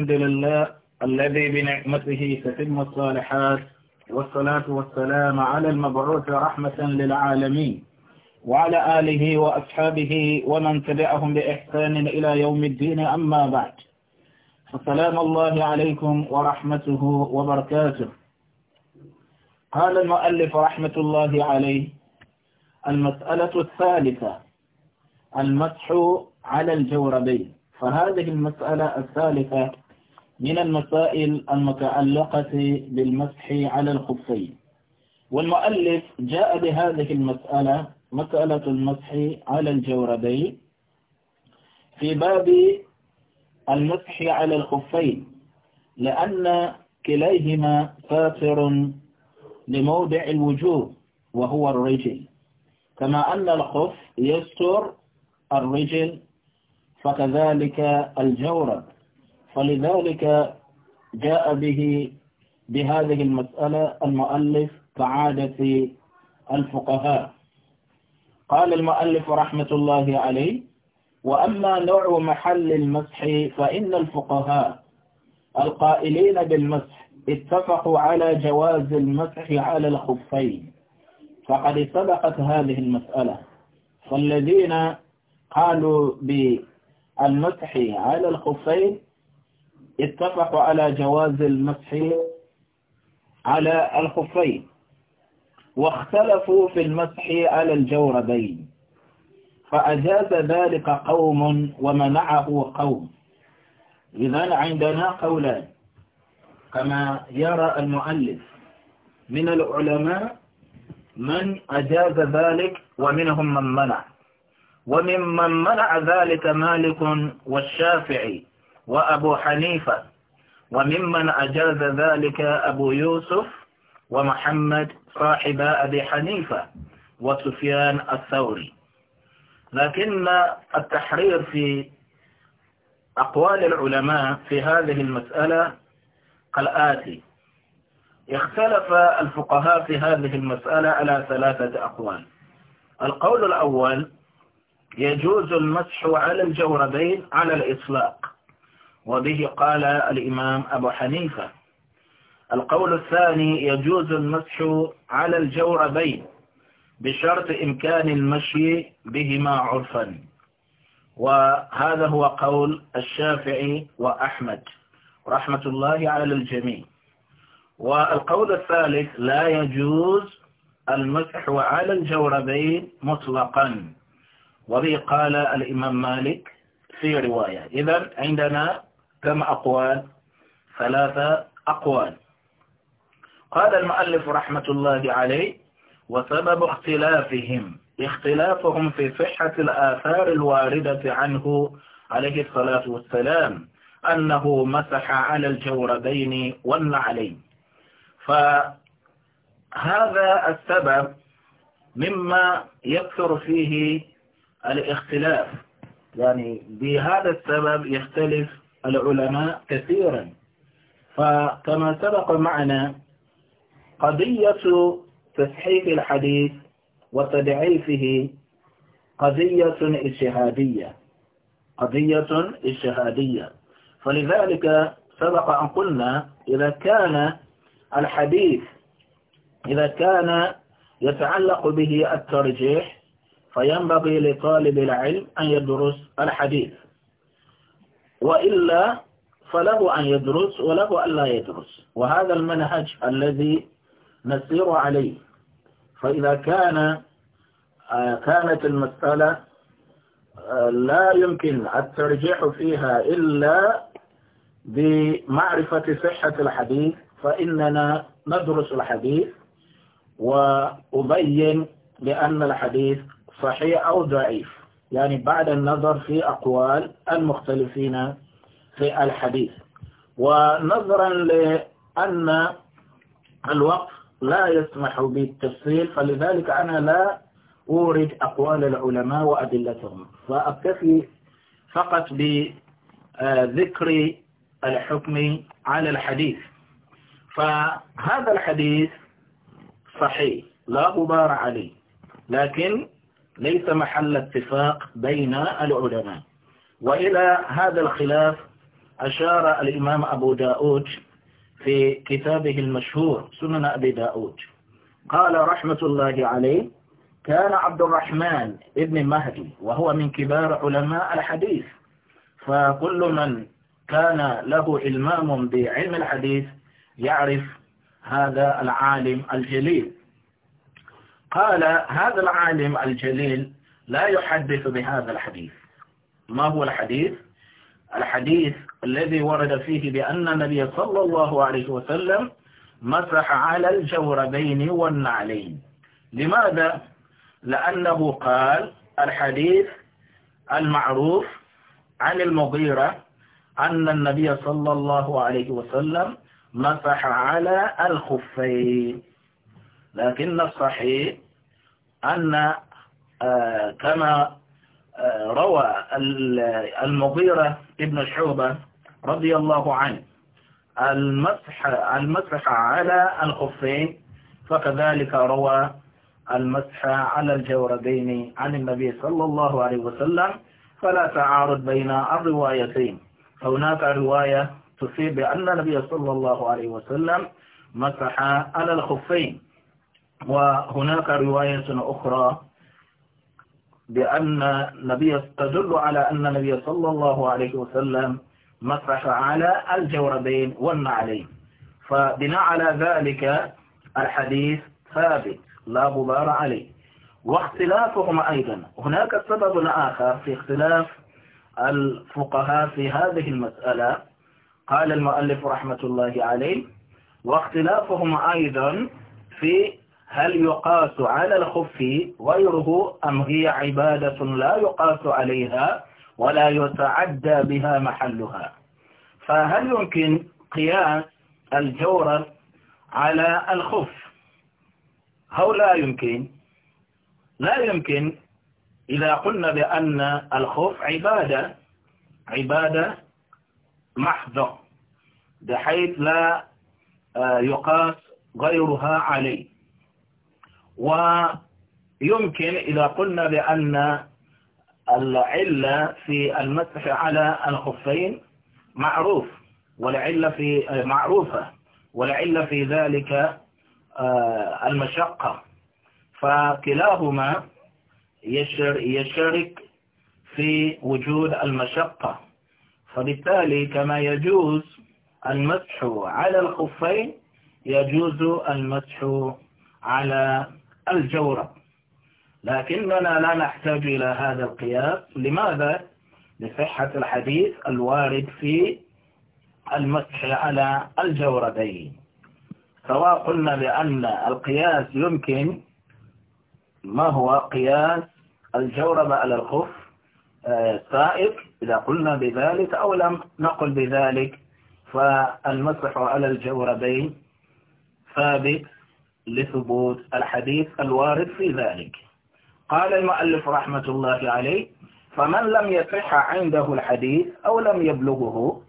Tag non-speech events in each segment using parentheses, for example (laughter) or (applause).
الحمد لله الذي بنعمته تتم الصالحات والصلاة والسلام على المبعوث رحمة للعالمين وعلى آله وأصحابه ومن تبعهم بإحسان إلى يوم الدين أما بعد فسلام الله عليكم ورحمته وبركاته قال المؤلف رحمة الله عليه المسألة الثالثة المسح على الجوربين فهذه المسألة الثالثة من المسائل المتعلقة بالمسح على الخفين والمؤلف جاء بهذه المسألة مسألة المسح على الجوربين في باب المسح على الخفين لأن كليهما ساتر لموضع الوجوه وهو الرجل كما أن الخف يستر الرجل فكذلك الجورب فلذلك جاء به بهذه المسألة المؤلف كعادة الفقهاء قال المؤلف رحمة الله عليه وأما نوع محل المسح فإن الفقهاء القائلين بالمسح اتفقوا على جواز المسح على الخفين فقد سبقت هذه المسألة فالذين قالوا بالمسح على الخفين اتفقوا على جواز المسح على الخفين واختلفوا في المسح على الجوربين فأجاز ذلك قوم ومنعه قوم إذا عندنا قولان كما يرى المؤلف من العلماء من أجاز ذلك ومنهم من منع وممن منع ذلك مالك والشافعي وأبو حنيفة وممن أجاز ذلك أبو يوسف ومحمد صاحب أبي حنيفة وسفيان الثوري لكن التحرير في أقوال العلماء في هذه المسألة كالآتي اختلف الفقهاء في هذه المسألة على ثلاثة أقوال القول الأول يجوز المسح على الجوربين على الإطلاق وبه قال الإمام أبو حنيفة القول الثاني يجوز المسح على الجوربين بشرط إمكان المشي بهما عرفا وهذا هو قول الشافعي وأحمد رحمة الله على الجميع والقول الثالث لا يجوز المسح على الجوربين مطلقا وبه قال الإمام مالك في رواية إذا عندنا كم أقوال ثلاثة أقوال قال المؤلف رحمة الله عليه وسبب اختلافهم اختلافهم في صحة الآثار الواردة عنه عليه الصلاة والسلام أنه مسح على الجوربين والنعلين فهذا السبب مما يكثر فيه الاختلاف يعني بهذا السبب يختلف العلماء كثيرا فكما سبق معنا قضية تصحيح الحديث وتدعيفه قضية اجتهادية قضية اجتهادية فلذلك سبق أن قلنا إذا كان الحديث إذا كان يتعلق به الترجيح فينبغي لطالب العلم أن يدرس الحديث وإلا فله أن يدرس وله أن لا يدرس وهذا المنهج الذي نسير عليه فإذا كان آه، كانت المسألة آه، لا يمكن الترجيح فيها إلا بمعرفة صحة الحديث فإننا ندرس الحديث وأبين بأن الحديث صحيح أو ضعيف يعني بعد النظر في أقوال المختلفين في الحديث ونظرا لأن الوقف لا يسمح بالتفصيل فلذلك أنا لا أورد أقوال العلماء وأدلتهم فأكتفي فقط بذكر الحكم على الحديث فهذا الحديث صحيح لا غبار عليه لكن ليس محل اتفاق بين العلماء وإلى هذا الخلاف أشار الإمام أبو داود في كتابه المشهور سنن أبي داود قال رحمة الله عليه كان عبد الرحمن ابن مهدي وهو من كبار علماء الحديث فكل من كان له علمام بعلم الحديث يعرف هذا العالم الجليل قال هذا العالم الجليل لا يحدث بهذا الحديث ما هو الحديث؟ الحديث الذي ورد فيه بأن النبي صلى الله عليه وسلم مسح على الجوربين والنعلين لماذا؟ لأنه قال الحديث المعروف عن المغيرة أن النبي صلى الله عليه وسلم مسح على الخفين لكن الصحيح أن آه، كما آه، روى المغيرة ابن شعبة رضي الله عنه المسح المسح على الخفين فكذلك روى المسح على الجوربين عن النبي صلى الله عليه وسلم فلا تعارض بين الروايتين هناك رواية تصيب بأن النبي صلى الله عليه وسلم مسح على الخفين وهناك رواية أخرى بأن نبي تدل على أن النبي صلى الله عليه وسلم مسح على الجوربين والنعلين فبناء على ذلك الحديث ثابت لا غبار عليه واختلافهما أيضا هناك سبب آخر في اختلاف الفقهاء في هذه المسألة قال المؤلف رحمة الله عليه واختلافهما أيضا في هل يقاس على الخف غيره أم هي عبادة لا يقاس عليها ولا يتعدى بها محلها فهل يمكن قياس الجورب على الخف أو لا يمكن لا يمكن إذا قلنا بأن الخف عبادة عبادة محضة بحيث لا آه، يقاس غيرها عليه ويمكن إذا قلنا بأن العلة في المسح على الخفين معروف والعلة في معروفة والعلة في ذلك آه، المشقة فكلاهما يشارك في وجود المشقة فبالتالي كما يجوز المسح على الخفين يجوز المسح على الجورة لكننا لا نحتاج إلى هذا القياس لماذا؟ لصحة الحديث الوارد في المسح على الجوربين سواء قلنا بأن القياس يمكن ما هو قياس الجورب على الخف آه، سائق إذا قلنا بذلك أو لم نقل بذلك فالمسح على الجوربين ثابت لثبوت الحديث الوارد في ذلك قال المؤلف رحمة الله عليه فمن لم يصح عنده الحديث أو لم يبلغه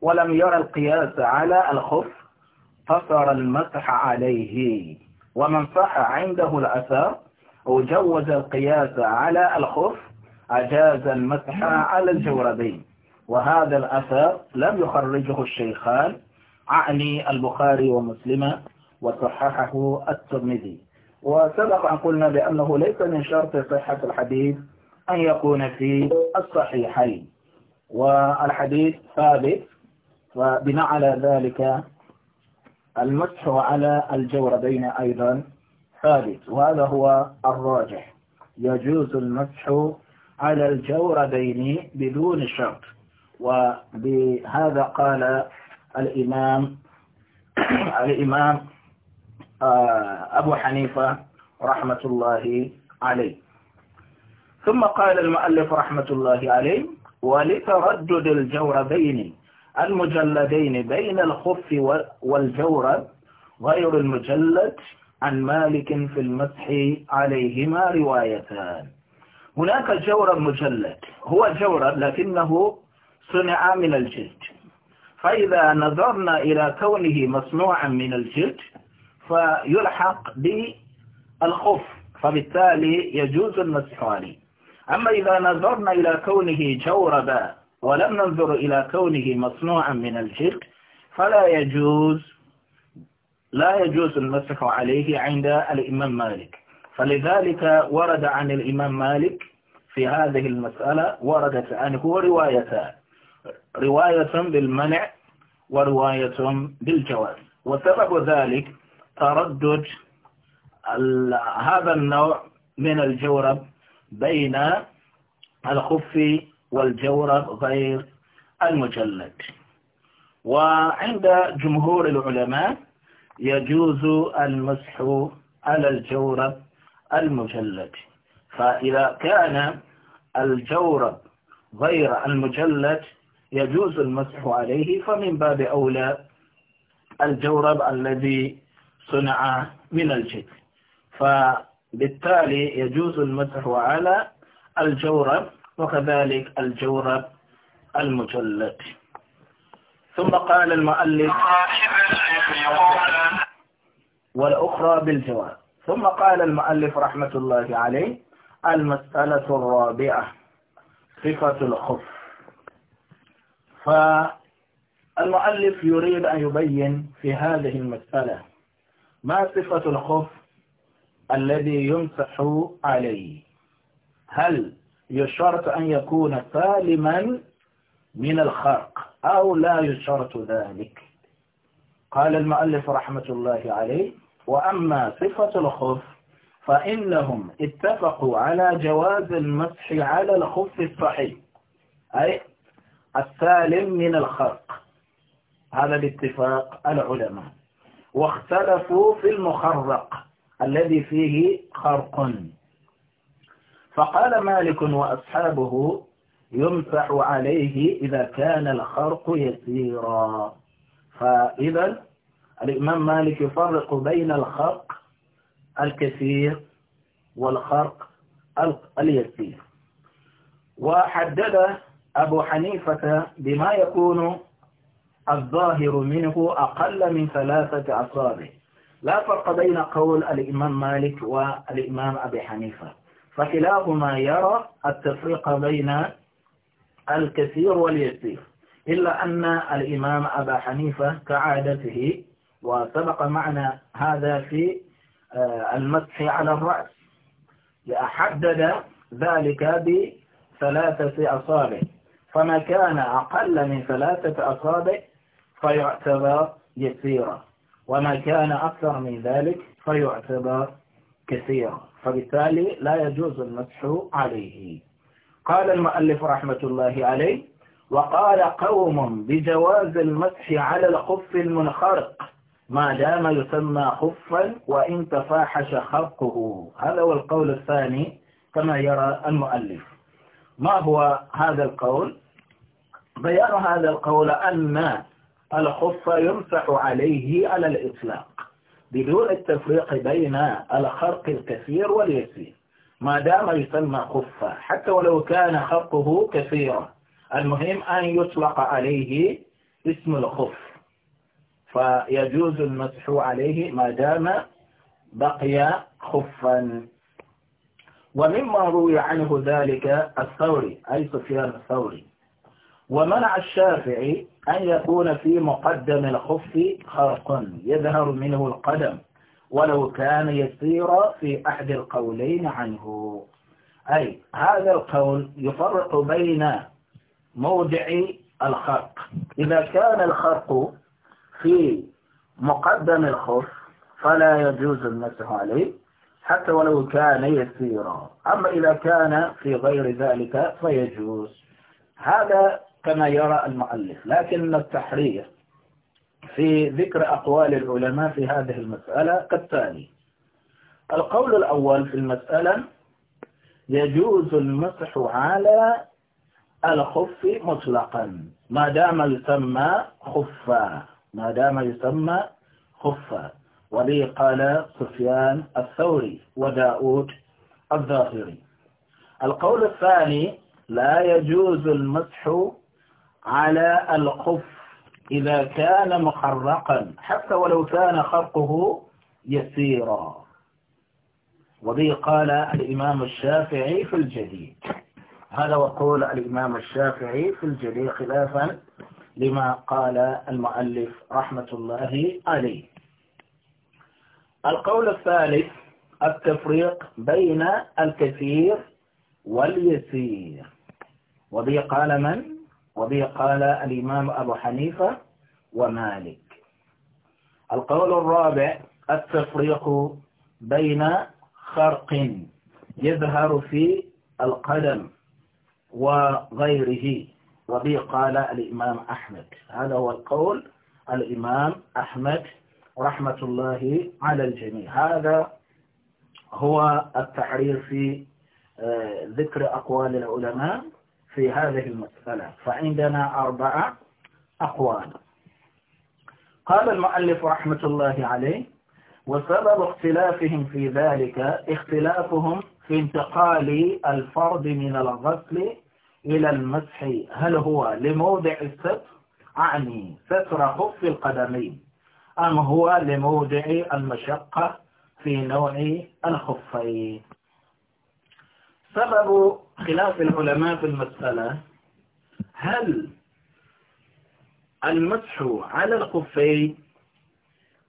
ولم يرى القياس على الخف فصر المسح عليه ومن صح عنده الأثر أو جوز القياس على الخف أجاز المسح على الجوربين وهذا الأثر لم يخرجه الشيخان عني البخاري ومسلمة وصححه الترمذي وسبق أن قلنا بأنه ليس من شرط صحة الحديث أن يكون في الصحيحين والحديث ثابت فبناء على ذلك المسح على الجوربين أيضا ثابت وهذا هو الراجح يجوز المسح على الجوربين بدون شرط وبهذا قال الإمام (clears throat) الإمام آه، أبو حنيفة رحمة الله عليه ثم قال المؤلف رحمة الله عليه ولتردد الجوربين المجلدين بين الخف والجورب غير المجلد عن مالك في المسح عليهما روايتان هناك جورب مجلد هو جورب لكنه صنع من الجلد فإذا نظرنا إلى كونه مصنوعا من الجلد فيلحق بالخف فبالتالي يجوز المسح عليه أما إذا نظرنا إلى كونه جوربا ولم ننظر إلى كونه مصنوعا من الجلد فلا يجوز لا يجوز المسح عليه عند الإمام مالك فلذلك ورد عن الإمام مالك في هذه المسألة وردت عنه روايتان رواية بالمنع ورواية بالجواز وسبب ذلك تردد هذا النوع من الجورب بين الخف والجورب غير المجلد وعند جمهور العلماء يجوز المسح على الجورب المجلد فإذا كان الجورب غير المجلد يجوز المسح عليه فمن باب أولى الجورب الذي صنع من الجلد فبالتالي يجوز المسح على الجورب وكذلك الجورب المجلد ثم قال المؤلف والأخرى بالجواب ثم قال المؤلف رحمة الله عليه المسألة الرابعة صفة الخف فالمؤلف يريد أن يبين في هذه المسألة ما صفة الخف الذي يمسح عليه هل يشترط أن يكون سالما من الخرق أو لا يشترط ذلك قال المؤلف رحمة الله عليه وأما صفة الخف فإنهم اتفقوا على جواز المسح على الخف الصحيح أي السالم من الخرق هذا الاتفاق العلماء واختلفوا في المخرق الذي فيه خرق فقال مالك وأصحابه يمسح عليه إذا كان الخرق يسيرا فإذا الإمام مالك يفرق بين الخرق الكثير والخرق اليسير وحدد أبو حنيفة بما يكون الظاهر منه أقل من ثلاثة أصابع لا فرق بين قول الإمام مالك والإمام أبي حنيفة فكلاهما يرى التفريق بين الكثير واليسير إلا أن الإمام أبا حنيفة كعادته وسبق معنا هذا في آه، المسح على الرأس لأحدد ذلك بثلاثة أصابع فما كان أقل من ثلاثة أصابع فيعتبر يسيرا وما كان أكثر من ذلك فيعتبر كثيرا فبالتالي لا يجوز المسح عليه قال المؤلف رحمة الله عليه وقال قوم بجواز المسح على الخف المنخرق ما دام يسمى خفا وإن تفاحش خرقه هذا هو القول الثاني كما يرى المؤلف ما هو هذا القول بيان هذا القول أن الخف يمسح عليه على الإطلاق بدون التفريق بين الخرق الكثير واليسير ما دام يسمى خفا حتى ولو كان خرقه كثيرا المهم أن يطلق عليه اسم الخف فيجوز المسح عليه ما دام بقي خفا ومما روي عنه ذلك الثوري أي سفيان الثوري ومنع الشافعي أن يكون في مقدم الخف خرق يظهر منه القدم ولو كان يسير في أحد القولين عنه أي هذا القول يفرق بين موضع الخرق إذا كان الخرق في مقدم الخف فلا يجوز المسح عليه حتى ولو كان يسيرا أما إذا كان في غير ذلك فيجوز هذا كما يرى المؤلف لكن التحرير في ذكر أقوال العلماء في هذه المسألة كالتالي القول الأول في المسألة يجوز المسح على الخف مطلقا ما دام يسمى خفا ما دام يسمى خفا وبه قال سفيان الثوري وداود الظاهري القول الثاني لا يجوز المسح على الخف إذا كان محرقا حتى ولو كان خرقه يسيرا وبه قال الإمام الشافعي في الجديد هذا وقول الإمام الشافعي في الجديد خلافا لما قال المؤلف رحمة الله عليه القول الثالث التفريق بين الكثير واليسير وبه قال من وبه قال الإمام أبو حنيفة ومالك القول الرابع التفريق بين خرق يظهر في القدم وغيره وبه قال الإمام أحمد هذا هو القول الإمام أحمد رحمة الله على الجميع هذا هو التعريف في آه، ذكر أقوال العلماء في هذه المسألة فعندنا أربعة أقوال قال المؤلف رحمة الله عليه وسبب اختلافهم في ذلك اختلافهم في انتقال الفرد من الغسل إلى المسح هل هو لموضع الستر أعني ستر خف القدمين أم هو لموضع المشقة في نوع الخفين سبب خلاف العلماء في المسألة هل المسح على الخفين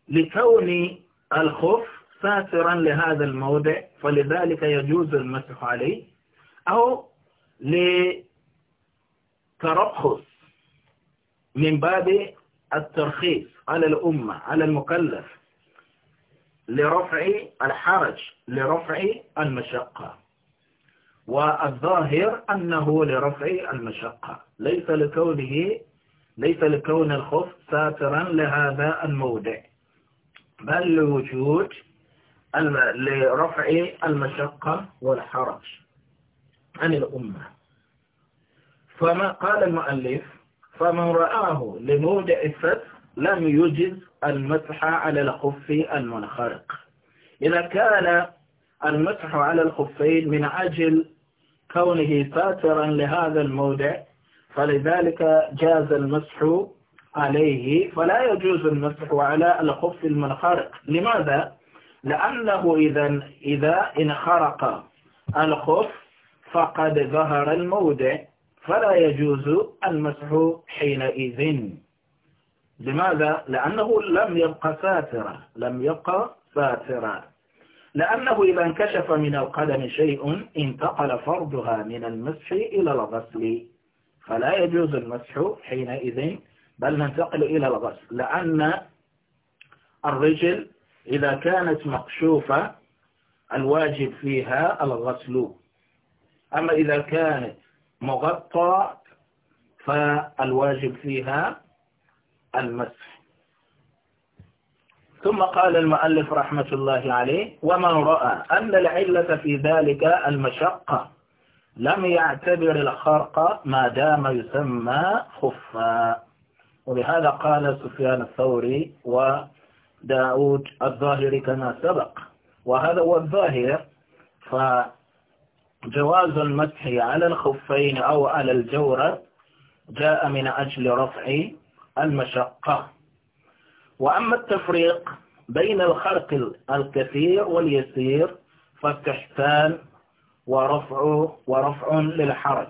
لكون الخف ساترا لهذا الموضع فلذلك يجوز المسح عليه أو لترخص من باب الترخيص على الأمة على المكلف لرفع الحرج لرفع المشقة والظاهر أنه لرفع المشقة ليس لكونه ليس لكون الخف ساترا لهذا الموضع بل لوجود لرفع المشقة والحرج عن الأمة فما قال المؤلف فمن رآه لموضع الفتح لم يجز المسح على الخف المنخرق إذا كان المسح على الخفين من أجل كونه ساترا لهذا الموضع فلذلك جاز المسح عليه فلا يجوز المسح على الخف المنخرق لماذا؟ لأنه إذا, إذا انخرق الخف فقد ظهر الموضع فلا يجوز المسح حينئذ لماذا؟ لأنه لم يبقى ساترا لم يبقى ساترا لأنه إذا انكشف من القدم شيء انتقل فرضها من المسح إلى الغسل فلا يجوز المسح حينئذ بل ننتقل إلى الغسل لأن الرجل إذا كانت مقشوفة الواجب فيها الغسل أما إذا كانت مغطى فالواجب فيها المسح ثم قال المؤلف رحمة الله عليه ومن رأى أن العلة في ذلك المشقة لم يعتبر الخرق ما دام يسمى خفا ولهذا قال سفيان الثوري وداود الظاهري كما سبق وهذا هو الظاهر فجواز المسح على الخفين أو على الجورة جاء من أجل رفع المشقة وأما التفريق بين الخرق الكثير واليسير فاستحسان ورفع ورفع للحرج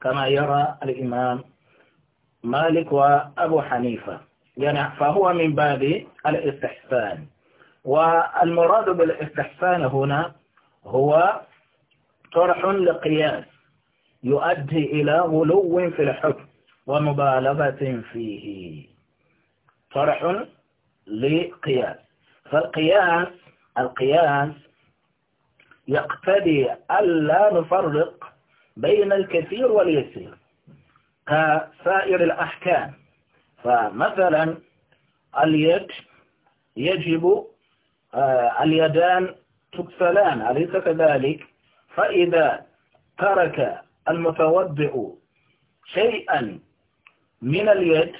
كما يرى الإمام مالك وأبو حنيفة يعني فهو من باب الاستحسان والمراد بالاستحسان هنا هو طرح لقياس يؤدي إلى غلو في الحكم ومبالغة فيه شرح لقياس فالقياس القياس يقتضي ألا نفرق بين الكثير واليسير كسائر الأحكام فمثلا اليد يجب آه، اليدان تكسلان أليس كذلك فإذا ترك المتوضع شيئا من اليد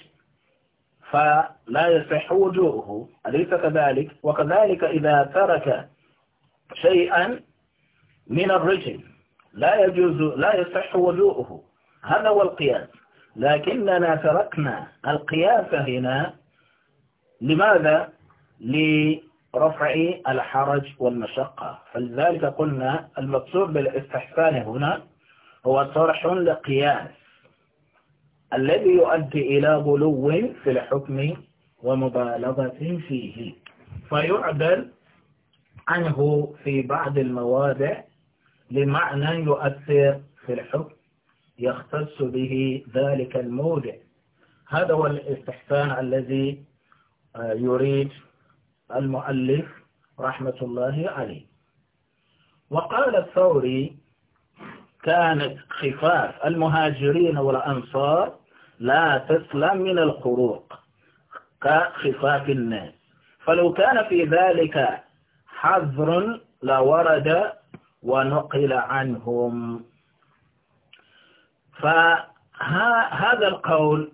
فلا يصح وجوهه أليس كذلك وكذلك إذا ترك شيئا من الرجل لا يجوز لا يصح وجوهه هذا هو القياس لكننا تركنا القياس هنا لماذا لرفع الحرج والمشقة فلذلك قلنا المقصود بالاستحسان هنا هو طرح لقياس الذي يؤدي إلى غلو في الحكم ومبالغة فيه فيعدل عنه في بعض المواضع لمعنى يؤثر في الحكم يختص به ذلك الموضع هذا هو الاستحسان الذي آه، يريد المؤلف رحمة الله عليه وقال الثوري كانت خفاف المهاجرين والأنصار لا تسلم من الخروق كخفاف الناس فلو كان في ذلك حذر لورد ونقل عنهم فهذا القول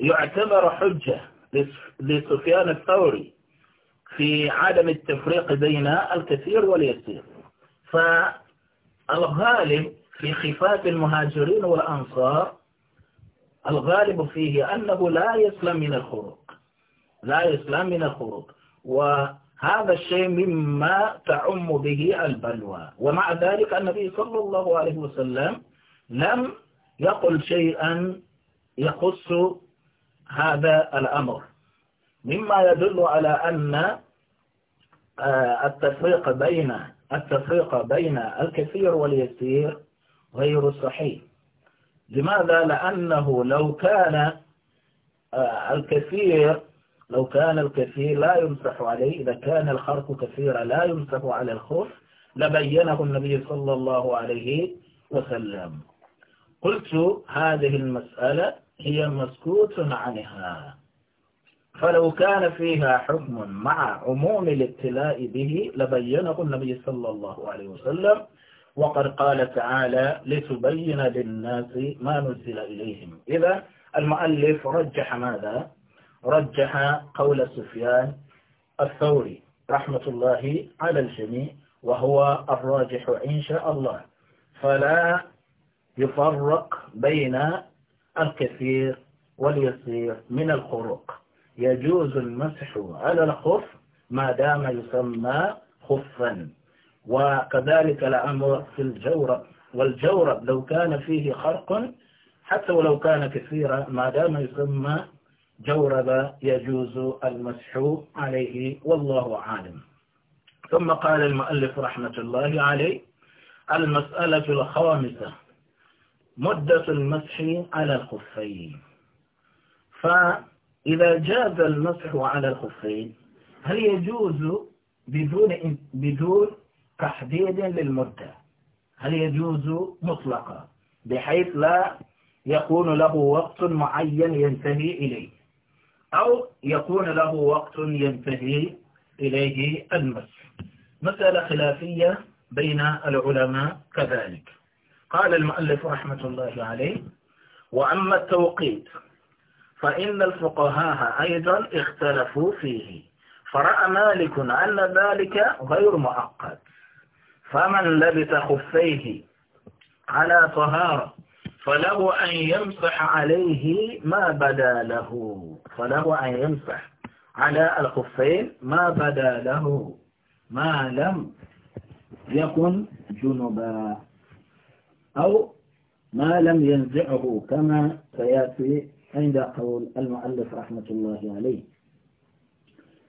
يعتبر حجة لسفيان الثوري في عدم التفريق بين الكثير واليسير فالغالب في خفاف المهاجرين والأنصار الغالب فيه أنه لا يسلم من الخروج لا يسلم من الخروج وهذا الشيء مما تعم به البلوى ومع ذلك النبي صلى الله عليه وسلم لم يقل شيئا يخص هذا الأمر مما يدل على أن آه، التفريق بين التفريق بين الكثير واليسير غير صحيح لماذا؟ لأنه لو كان آه، الكثير لو كان الكثير لا يمسح عليه إذا كان الخرق كثيرا لا يمسح على الخوف لبينه النبي صلى الله عليه وسلم قلت هذه المسألة هي مسكوت عنها فلو كان فيها حكم مع عموم الابتلاء به لبينه النبي صلى الله عليه وسلم وقد قال تعالى لتبين للناس ما نزل إليهم إذا المؤلف رجح ماذا؟ رجح قول سفيان الثوري رحمة الله على الجميع وهو الراجح إن شاء الله فلا يفرق بين الكثير واليسير من الخروق يجوز المسح على الخف ما دام يسمى خفا وكذلك الأمر في الجورب والجورب لو كان فيه خرق حتى ولو كان كثيرا ما دام يسمى جورب يجوز المسح عليه والله عالم ثم قال المؤلف رحمة الله عليه المسألة الخامسة مدة المسح على الخفين فإذا جاز المسح على الخفين هل يجوز بدون بدون تحديد للمدة هل يجوز مطلقا بحيث لا يكون له وقت معين ينتهي إليه أو يكون له وقت ينتهي إليه المس مسألة خلافية بين العلماء كذلك قال المؤلف رحمة الله عليه وأما التوقيت فإن الفقهاء أيضا اختلفوا فيه فرأى مالك أن ذلك غير معقد فمن لبس خفيه على طهارة فله أن يمسح عليه ما بدا له فله أن يمسح على الخفين ما بدا له ما لم يكن جنبا أو ما لم ينزعه كما سيأتي عند قول المؤلف رحمة الله عليه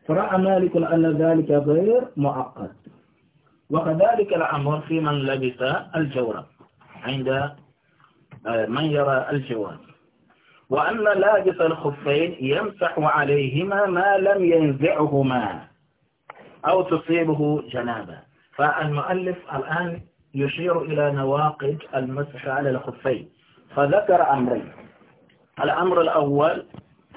فرأى مالك أن ذلك غير معقد وكذلك الأمر في من لبس الجورب عند آه، من يرى الجورب وأن لابس الخفين يمسح عليهما ما لم ينزعهما أو تصيبه جنابة فالمؤلف الآن يشير إلى نواقض المسح على الخفين فذكر أمرين الأمر الأول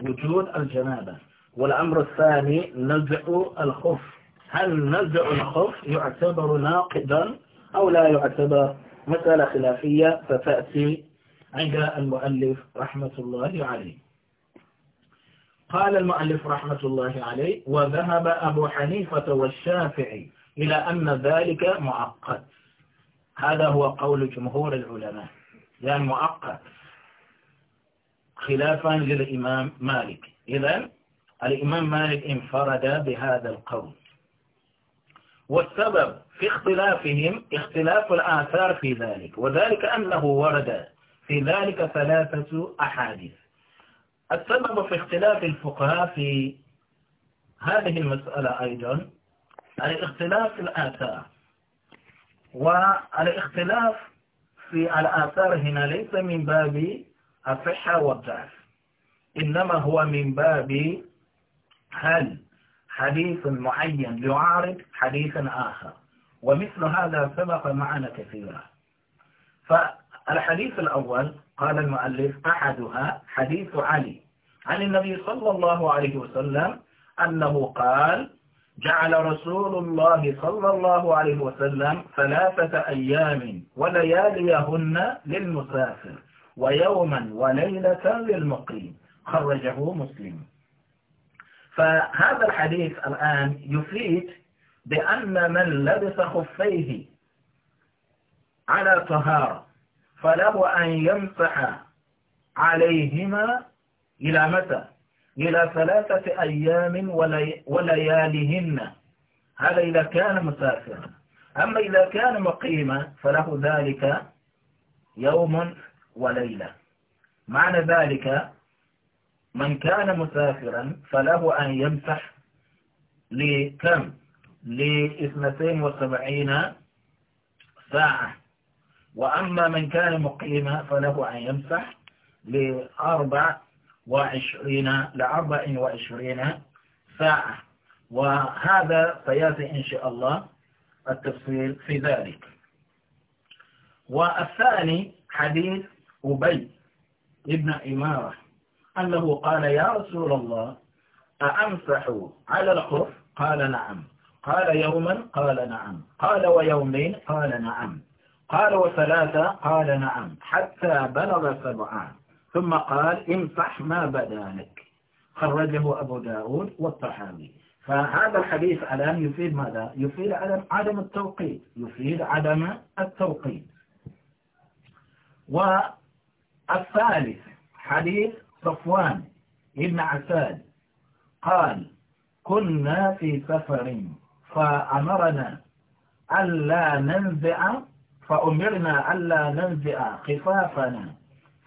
وجود الجنابة والأمر الثاني نزع الخف هل نزع الخف يعتبر ناقدا أو لا يعتبر مسألة خلافية فتأتي عند المؤلف رحمة الله عليه قال المؤلف رحمة الله عليه وذهب أبو حنيفة والشافعي إلى أن ذلك معقد هذا هو قول جمهور العلماء يعني معقد خلافا للإمام مالك إذا الإمام مالك انفرد بهذا القول والسبب في اختلافهم اختلاف الآثار في ذلك وذلك أنه ورد في ذلك ثلاثة أحاديث السبب في اختلاف الفقهاء في هذه المسألة أيضا الاختلاف في الآثار والاختلاف في الآثار هنا ليس من باب الصحة والضعف إنما هو من باب هل حديث معين يعارض حديث آخر ومثل هذا سبق معنا كثيرا فالحديث الأول قال المؤلف أحدها حديث علي عن النبي صلى الله عليه وسلم أنه قال جعل رسول الله صلى الله عليه وسلم ثلاثة أيام ولياليهن للمسافر ويوما وليلة للمقيم خرجه مسلم فهذا الحديث الآن يفيد بأن من لبس خفيه على طهارة فله أن يمسح عليهما إلى متى؟ إلى ثلاثة أيام ولي ولياليهن هذا إذا كان مسافرا أما إذا كان مقيما فله ذلك يوم وليلة معنى ذلك من كان مسافرا فله أن يمسح لكم لاثنتين وسبعين ساعة وأما من كان مقيما فله أن يمسح لأربع وعشرين لأربع وعشرين ساعة وهذا سيأتي إن شاء الله التفصيل في ذلك والثاني حديث أبي ابن إمارة أنه قال يا رسول الله أأمسح على الخف قال نعم قال يوما قال نعم قال ويومين قال نعم قال وثلاثة قال نعم حتى بلغ سبعان ثم قال امسح ما بدا لك خرجه أبو داود والطحامي فهذا الحديث الآن يفيد ماذا؟ يفيد عدم عدم التوقيت يفيد عدم التوقيت والثالث حديث صفوان ابن عساد قال كنا في سفر فأمرنا ألا ننزع فأمرنا ألا ننزع خفافنا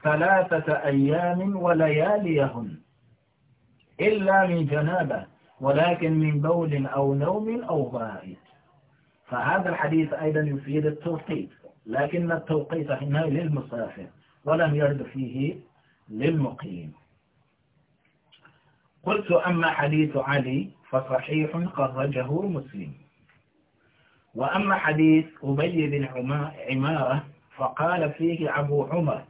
ثلاثة أيام ولياليهن إلا من جنابة ولكن من بول أو نوم أو غائط فهذا الحديث أيضا يفيد التوقيت لكن التوقيت هنا للمسافر ولم يرد فيه للمقيم قلت أما حديث علي فصحيح خرجه مسلم وأما حديث أبي بن عمارة فقال فيه أبو عمر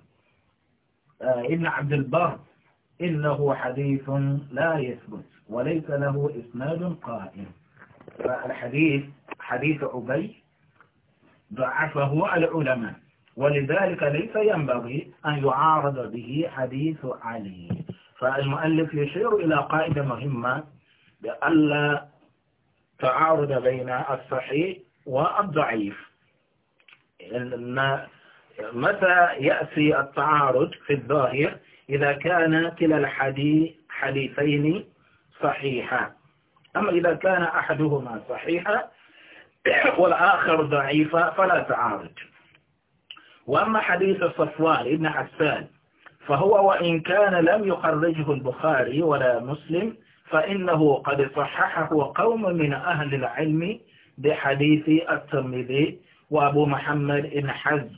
ابن آه، عبد البر إنه حديث لا يثبت وليس له إسناد قائم فالحديث حديث أبي ضعفه العلماء ولذلك ليس ينبغي أن يعارض به حديث علي فالمؤلف يشير إلى قاعدة مهمة بألا تعارض بين الصحيح والضعيف إن متى يأتي التعارض في الظاهر إذا كان كلا الحديثين صحيحا أما إذا كان أحدهما صحيحا والآخر ضعيفا فلا تعارض وأما حديث صفوان ابن حسان فهو وإن كان لم يخرجه البخاري ولا مسلم فإنه قد صححه قوم من أهل العلم بحديث الترمذي وأبو محمد بن حزم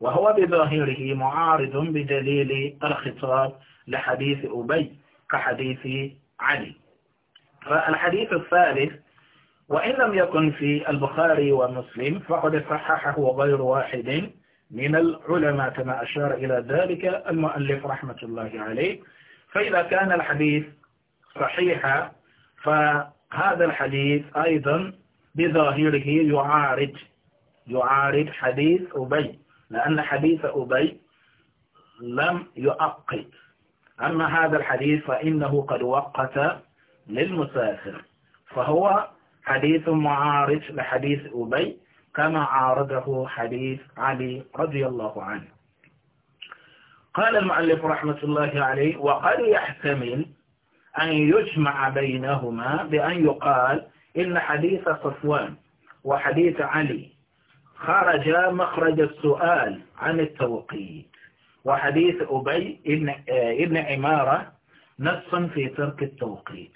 وهو بظاهره معارض بدليل الخطاب لحديث أبي كحديث علي فالحديث الثالث وإن لم يكن في البخاري ومسلم فقد صححه غير واحد من العلماء كما أشار إلى ذلك المؤلف رحمة الله عليه فإذا كان الحديث صحيحا فهذا الحديث أيضا بظاهره يعارض يعارض حديث أبي لأن حديث أبي لم يؤقت أما هذا الحديث فإنه قد وقت للمسافر فهو حديث معارض لحديث أبي كما عارضه حديث علي رضي الله عنه قال المؤلف رحمة الله عليه وقد يحتمل أن يجمع بينهما بأن يقال إن حديث صفوان وحديث علي خرج مخرج السؤال عن التوقيت وحديث أبي ابن عمارة نص في ترك التوقيت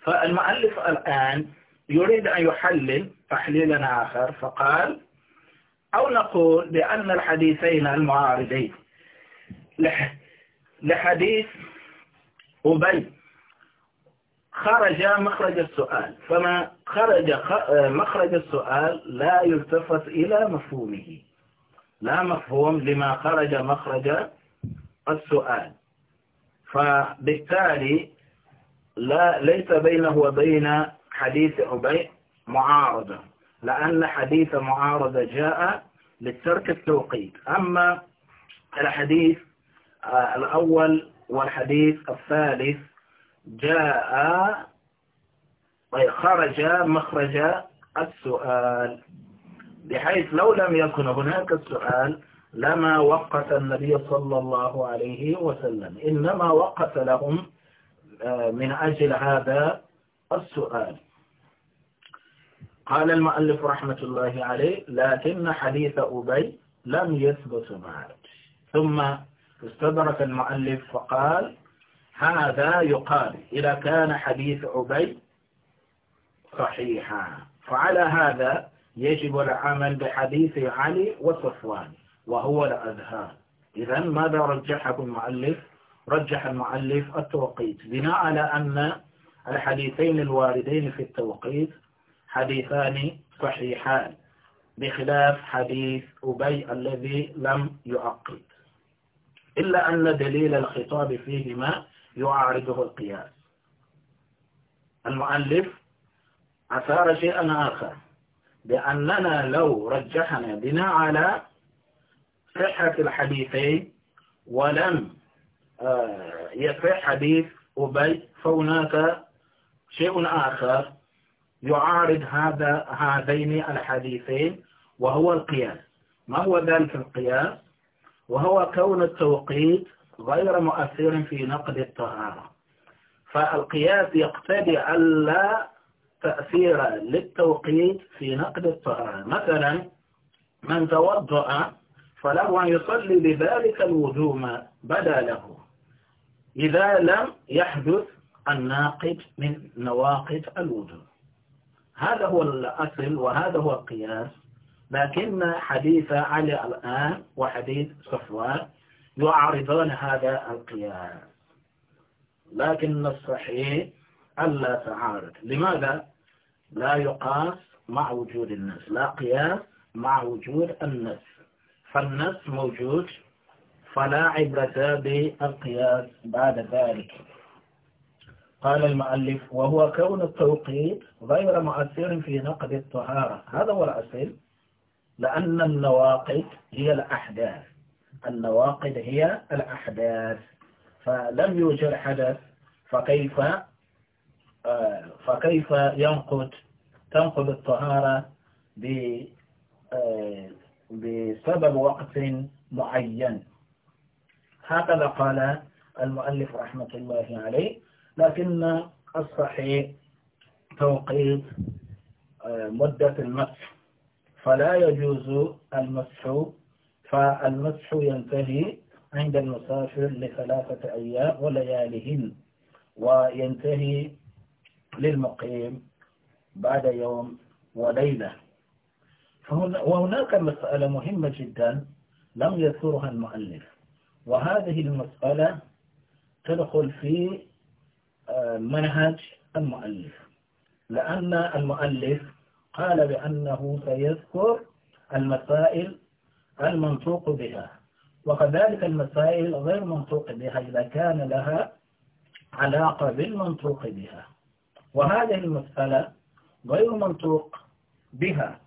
فالمؤلف الآن يريد أن يحلل تحليلا آخر فقال أو نقول بأن الحديثين المعارضين لحديث أبي خرج مخرج السؤال فما خرج مخرج السؤال لا يلتفت إلى مفهومه لا مفهوم لما خرج مخرج السؤال فبالتالي لا ليس بينه وبين حديث أبي معارضة لأن حديث معارضة جاء للترك التوقيت أما الحديث آه، الأول والحديث الثالث جاء خرج مخرج السؤال بحيث لو لم يكن هناك السؤال لما وقت النبي صلى الله عليه وسلم إنما وقت لهم آه، من أجل هذا السؤال قال المؤلف رحمة الله عليه لكن حديث أبي لم يثبت بعد ثم استدرك المؤلف فقال هذا يقال إذا كان حديث أبي صحيحا فعلى هذا يجب العمل بحديث علي وصفوان وهو الأذهان إذا ماذا رجحه المؤلف رجح المؤلف التوقيت بناء على أن الحديثين الواردين في التوقيت حديثان صحيحان بخلاف حديث أبي الذي لم يعقد إلا أن دليل الخطاب فيهما يعارضه القياس المؤلف أثار شيئا آخر بأننا لو رجحنا بنا على صحة الحديثين ولم يصح آه، حديث أبي فهناك شيء آخر يعارض هذا هذين الحديثين وهو القياس ما هو ذلك القياس وهو كون التوقيت غير مؤثر في نقد الطهارة فالقياس يقتضي ألا تأثير للتوقيت في نقد الطهارة مثلا من توضأ فله أن يصلي بذلك الوجوم بدا له إذا لم يحدث الناقض من نواقض الوجود هذا هو الأصل وهذا هو القياس لكن حديث علي الآن وحديث صفوان يعارضان هذا القياس لكن الصحيح ألا تعارض لماذا لا يقاس مع وجود النفس لا قياس مع وجود النفس فالنفس موجود فلا عبرة بالقياس بعد ذلك قال المؤلف وهو كون التوقيت غير مؤثر في نقد الطهارة هذا هو الأصل لأن النواقد هي الأحداث النواقد هي الأحداث فلم يوجد حدث فكيف آه، فكيف ينقد تنقد الطهارة آه، بسبب وقت معين هكذا قال المؤلف رحمة الله عليه لكن الصحيح توقيت آه، مدة المسح فلا يجوز المسح فالمسح ينتهي عند المسافر لثلاثة أيام ولياليهن وينتهي للمقيم بعد يوم وليلة وهناك مسألة مهمة جدا لم يذكرها المؤلف وهذه المسألة تدخل في منهج المؤلف لأن المؤلف قال بأنه سيذكر المسائل المنطوق بها وكذلك المسائل غير منطوق بها إذا كان لها علاقة بالمنطوق بها وهذه المسألة غير منطوق بها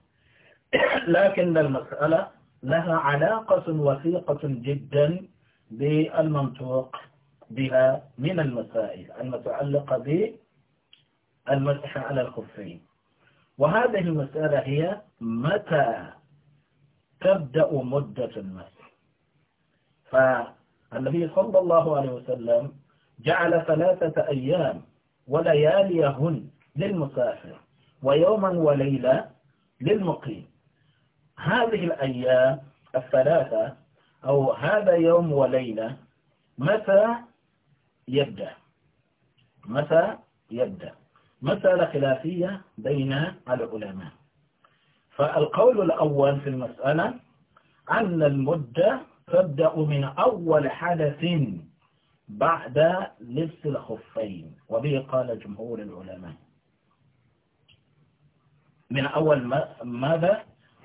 لكن المسألة لها علاقة وثيقة جدا بالمنطوق بها من المسائل المتعلقة بالمسح على الخفين وهذه المسألة هي متى تبدأ مدة المسح فالنبي صلى الله عليه وسلم جعل ثلاثة أيام ولياليهن للمسافر ويوما وليلة للمقيم هذه الأيام الثلاثة أو هذا يوم وليلة متى يبدأ متى يبدأ مسألة خلافية بين العلماء فالقول الأول في المسألة أن المدة تبدأ من أول حدث بعد لبس الخفين وبه قال جمهور العلماء من أول ماذا؟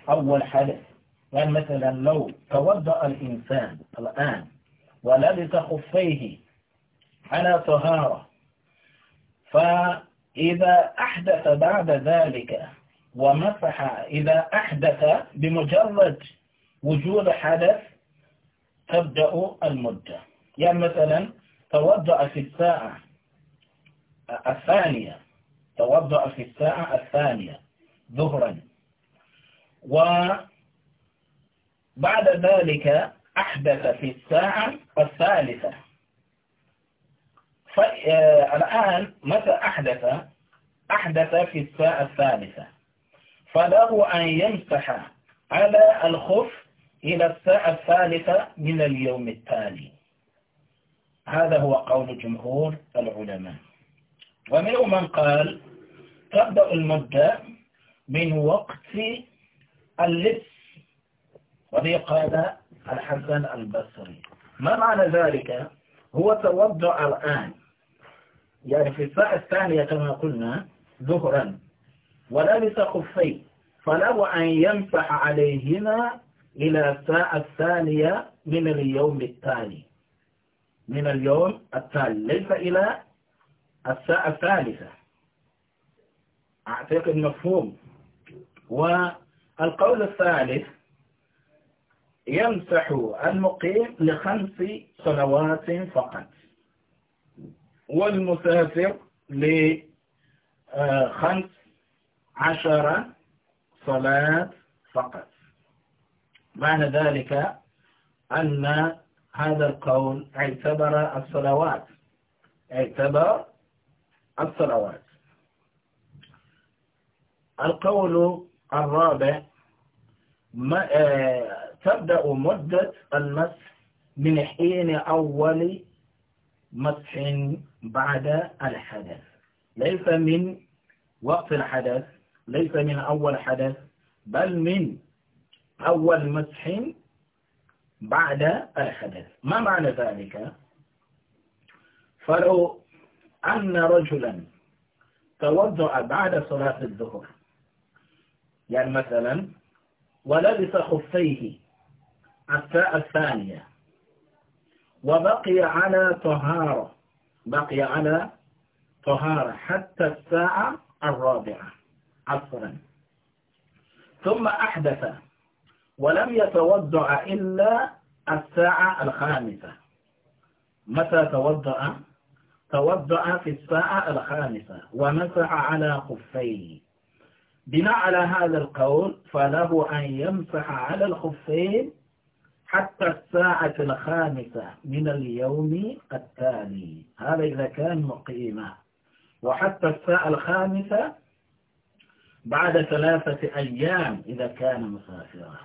أول حدث يعني مثلا لو توضأ الإنسان الآن ولبس خفيه على طهارة فإذا أحدث بعد ذلك ومسح إذا أحدث بمجرد وجود حدث تبدأ المدة يعني مثلا توضأ في الساعة الثانية توضأ في الساعة الثانية ظهرا وبعد ذلك أحدث في الساعة الثالثة فالآن متى أحدث أحدث في الساعة الثالثة فله أن يمسح على الخف إلى الساعة الثالثة من اليوم التالي هذا هو قول جمهور العلماء ومنهم من قال تبدأ المدة من وقت اللبس وذي قال الحسن البصري ما معنى ذلك هو توضع الآن يعني في الساعة الثانية كما قلنا ظهرا ولبس خفين فله أن يمسح عليهما إلى الساعة الثانية من اليوم التالي من اليوم التالي ليس إلى الساعة الثالثة أعتقد مفهوم والقول الثالث يمسح المقيم لخمس سنوات فقط والمسافر لخمس آه، عشر صلاة فقط معنى ذلك أن هذا القول اعتبر الصلوات اعتبر الصلوات القول الرابع ما آه، تبدأ مدة المسح من حين أول مسح بعد الحدث ليس من وقت الحدث ليس من أول حدث بل من أول مسح بعد الحدث ما معنى ذلك فلو أن رجلا توضأ بعد صلاة الظهر يعني مثلا ولبس خفيه الساعة الثانية وبقي على طهارة بقي على طهارة حتى الساعة الرابعة عصرا ثم أحدث ولم يتوضع إلا الساعة الخامسة متى توضأ توضأ في الساعة الخامسة ومسح على خفيه بناء على هذا القول فله أن يمسح على الخفين حتى الساعة الخامسة من اليوم التالي هذا إذا كان مقيما وحتى الساعة الخامسة بعد ثلاثة أيام إذا كان مسافرا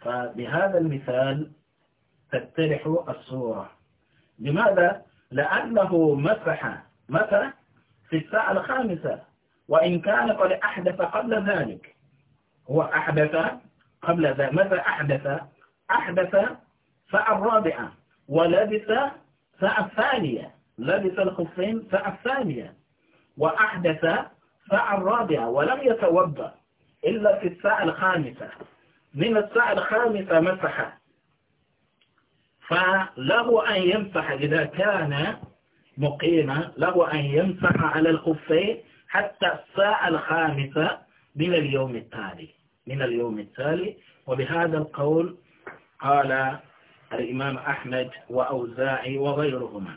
فبهذا المثال تتضح الصورة لماذا؟ لأنه مسح متى؟ في الساعة الخامسة وإن كان قد أحدث قبل ذلك هو أحدث قبل ذا ماذا أحدث أحدث فالرابعة ولبس فالثانية لبس الخفين فالثانية وأحدث فالرابعة ولم يتوضأ إلا في الساعة الخامسة من الساعة الخامسة مسح فله أن يمسح إذا كان مقيما له أن يمسح على الخفين حتى الساعة الخامسة من اليوم التالي من اليوم التالي وبهذا القول قال الإمام أحمد وأوزاعي وغيرهما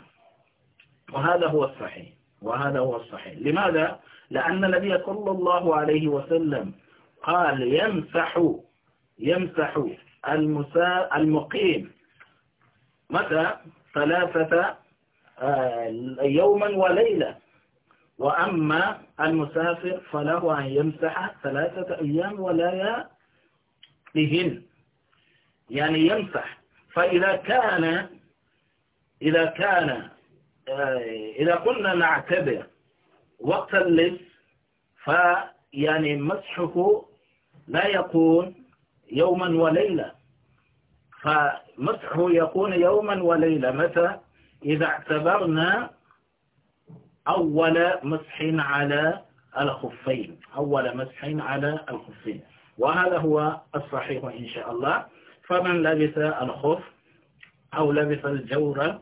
وهذا هو الصحيح وهذا هو الصحيح لماذا؟ لأن النبي صلى الله عليه وسلم قال يمسح يمسح المسا المقيم متى ثلاثة آه، يوما وليلة وأما المسافر فله أن يمسح ثلاثة أيام ولا بهن يعني يمسح فإذا كان إذا كان آه، إذا قلنا نعتبر وقت اللص فيعني مسحه لا يكون يوما وليلة فمسحه يكون يوما وليلة متى إذا اعتبرنا أول مسح على الخفين أول مسح على الخفين وهذا هو الصحيح إن شاء الله فمن لبس الخف أو لبس الجورة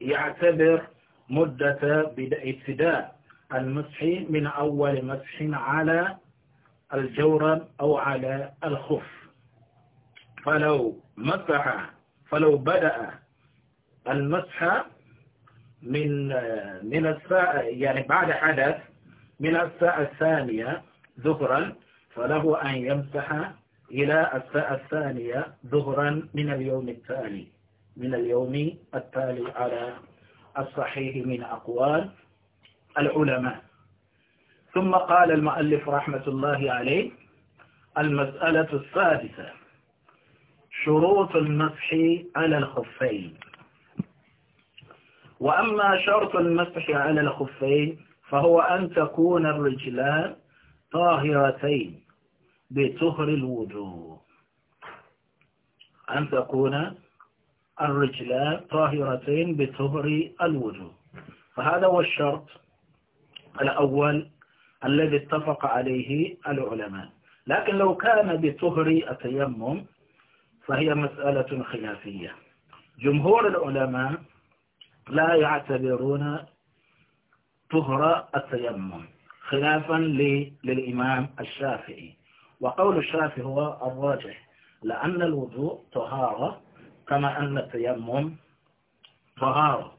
فيعتبر مدة ابتداء المسح من أول مسح على الجورب أو على الخف فلو مسح فلو بدأ المسح من من الساعة يعني بعد حدث من الساعة الثانية ظهرا فله أن يمسح إلى الساعة الثانية ظهرا من اليوم التالي من اليوم التالي على الصحيح من أقوال العلماء ثم قال المؤلف رحمة الله عليه المسألة السادسة شروط المسح على الخفين وأما شرط المسح على الخفين فهو أن تكون الرجلان طاهرتين بطهر الوجوه أن تكون الرجلان طاهرتين بطهر الوجوه فهذا هو الشرط الأول الذي اتفق عليه العلماء لكن لو كان بطهر التيمم فهي مسألة خلافية جمهور العلماء لا يعتبرون طهر التيمم خلافا للإمام الشافعي وقول الشافعي هو الراجح لأن الوضوء طهارة كما أن التيمم طهارة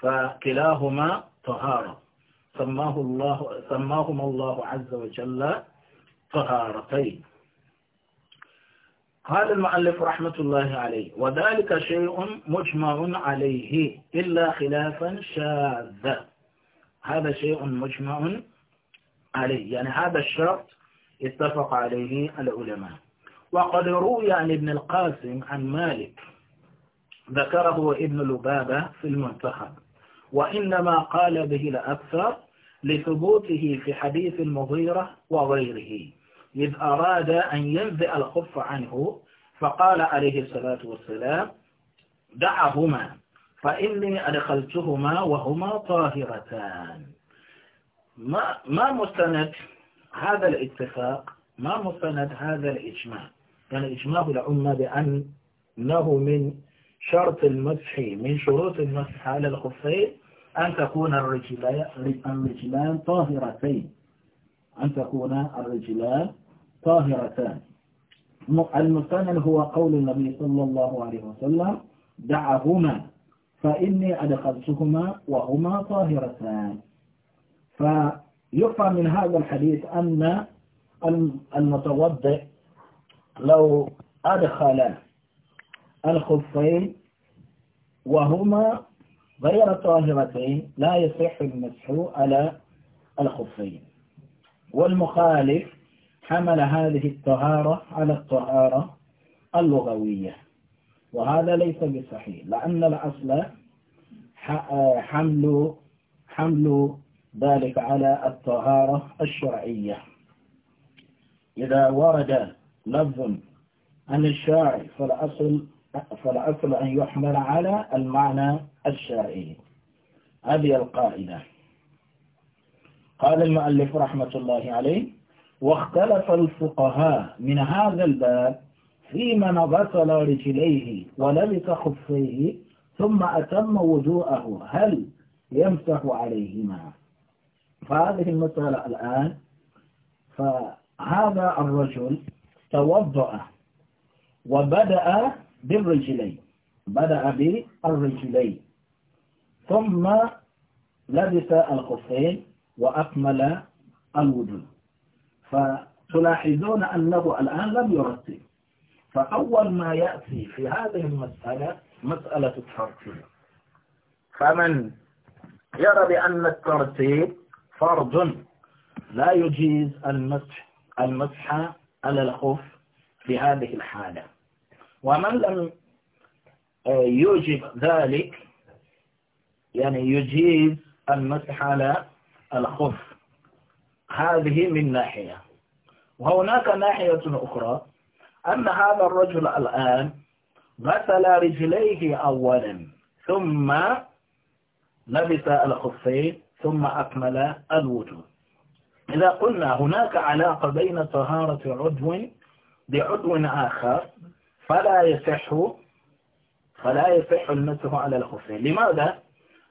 فكلاهما طهارة سماه الله سماهما الله عز وجل طهارتين قال المؤلف رحمة الله عليه وذلك شيء مجمع عليه إلا خلافا شاذا هذا شيء مجمع عليه يعني هذا الشرط اتفق عليه العلماء وقد روي عن ابن القاسم عن مالك ذكره ابن لبابة في المنتخب وإنما قال به الأكثر لثبوته في حديث المغيرة وغيره إذ أراد أن ينزع الخف عنه فقال عليه الصلاة والسلام دعهما فإني أدخلتهما وهما طاهرتان ما, ما مستند هذا الاتفاق ما مستند هذا الإجماع يعني إجماع الأمة بأنه من شرط المسح من شروط المسح على الخفين أن تكون الرجلان طاهرتين أن تكون الرجلان طاهرتان المستعمل هو قول النبي صلى الله عليه وسلم دعهما فإني أدخلتهما وهما طاهرتان فيفهم من هذا الحديث أن المتوضئ لو أدخل الخفين وهما غير طاهرتين لا يصح المسح على الخفين والمخالف حمل هذه الطهارة على الطهارة اللغوية وهذا ليس بصحيح لأن الأصل حمل حمل ذلك على الطهارة الشرعية إذا ورد لفظ عن الشاعر فالأصل فالأصل أن يحمل على المعنى الشرعي هذه القاعدة قال المؤلف رحمة الله عليه واختلف الفقهاء من هذا الباب في من غسل رجليه ولبس خفيه ثم أتم وضوءه هل يمسح عليهما فهذه المسألة الآن فهذا الرجل توضأ وبدأ بالرجلين بدأ بالرجلين ثم لبس الخفين وأكمل الوجود فتلاحظون أنه الآن لم يرتب فأول ما يأتي في هذه المسألة مسألة الترتيب فمن يرى بأن الترتيب فرض لا يجيز المسح المسح على الخف في هذه الحالة ومن لم آه، يوجب ذلك يعني يجيز المسح على الخف هذه من ناحية وهناك ناحية أخرى أن هذا الرجل الآن غسل رجليه أولا ثم لبس الخفين ثم أكمل الوجود إذا قلنا هناك علاقة بين طهارة عضو بعضو آخر فلا يصح فلا يصح المسح على الخفين لماذا؟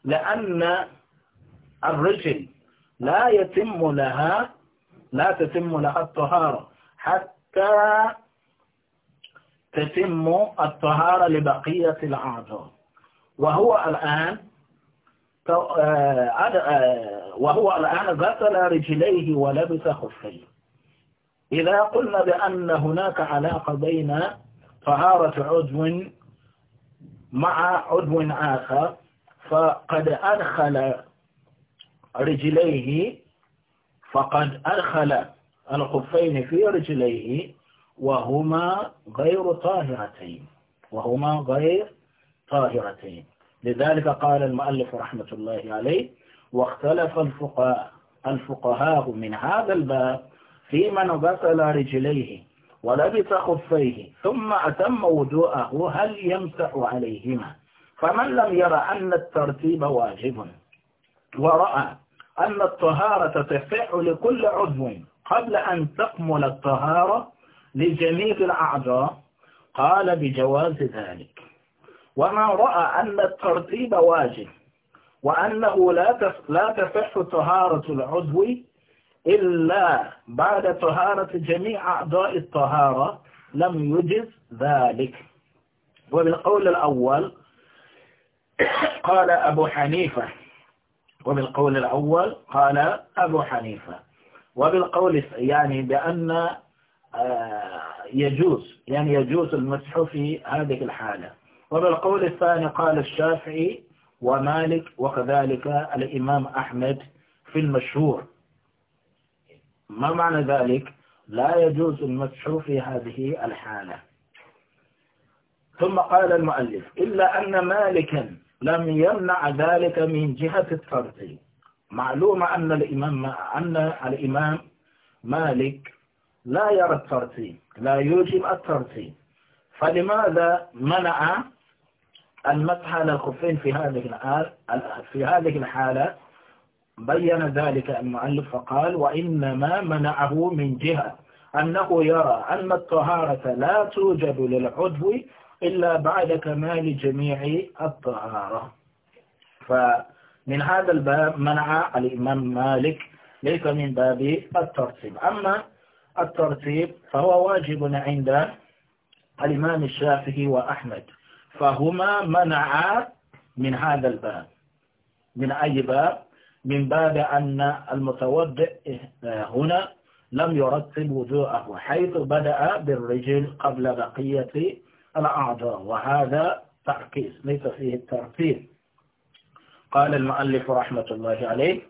لأن الرجل لا يتم لها لا تتم لها الطهارة حتى تتم الطهارة لبقية الأعضاء وهو الآن آه، آه، وهو الآن غسل رجليه ولبس خفيه إذا قلنا بأن هناك علاقة بين طهارة عضو مع عضو آخر فقد أدخل رجليه فقد أدخل الخفين في رجليه وهما غير طاهرتين وهما غير طاهرتين لذلك قال المؤلف رحمة الله عليه واختلف الفقهاء الفقهاء من هذا الباب في من غسل رجليه ولبس خفيه ثم أتم وضوءه هل يمسح عليهما فمن لم يرى أن الترتيب واجب ورأى أن الطهارة تصح لكل عضو قبل أن تكمل الطهارة لجميع الأعضاء قال بجواز ذلك ومن رأى أن الترتيب واجب وأنه لا لا تصح طهارة العضو إلا بعد طهارة جميع أعضاء الطهارة لم يجز ذلك وبالقول الأول قال أبو حنيفة وبالقول الأول قال أبو حنيفة وبالقول يعني بأن آه، يجوز يعني يجوز المسح في هذه الحالة وبالقول الثاني قال الشافعي ومالك وكذلك الإمام أحمد في المشهور ما معنى ذلك لا يجوز المسح في هذه الحالة ثم قال المؤلف إلا أن مالكا لم يمنع ذلك من جهة الترتيب معلوم أن الإمام أن الإمام مالك لا يرى الترتيب لا يوجب الترتيب فلماذا منع المسح على الخفين في هذه في هذه الحالة بين ذلك المؤلف فقال وإنما منعه من جهة أنه يرى أن الطهارة لا توجب للعضو إلا بعد كمال جميع الطهارة فمن هذا الباب منع الإمام مالك ليس من باب الترتيب أما الترتيب فهو واجب عند الإمام الشافعي وأحمد فهما منعا من هذا الباب من أي باب من باب أن المتوضئ هنا لم يرتب وضوءه حيث بدأ بالرجل قبل بقية الأعضاء وهذا تعكيس ليس فيه الترتيب قال المؤلف رحمة الله عليه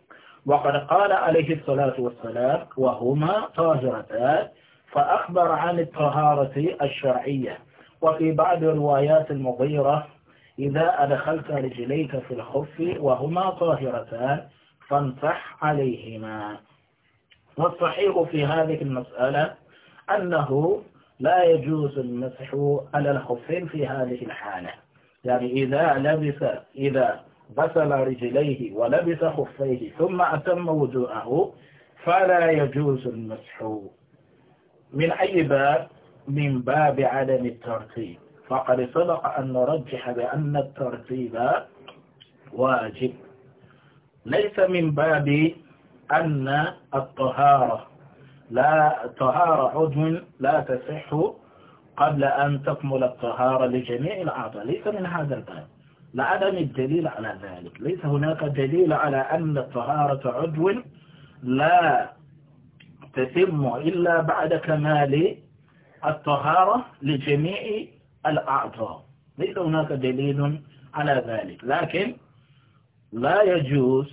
وقد قال عليه الصلاة والسلام وهما طاهرتان فأخبر عن الطهارة الشرعية وفي بعض روايات المغيرة إذا أدخلت رجليك في الخف وهما طاهرتان فانصح عليهما والصحيح في هذه المسألة أنه لا يجوز المسح على الخفين في هذه الحالة يعني إذا لبس إذا غسل رجليه ولبس خفيه ثم أتم وضوءه فلا يجوز المسح من أي باب من باب عدم الترتيب فقد صدق أن نرجح بأن الترتيب واجب ليس من باب أن الطهارة لا طهارة عضو لا تصح قبل أن تكمل الطهارة لجميع الأعضاء ليس من هذا الباب لعدم الدليل على ذلك ليس هناك دليل على أن الطهارة عضو لا تتم إلا بعد كمال الطهارة لجميع الأعضاء ليس هناك دليل على ذلك لكن لا يجوز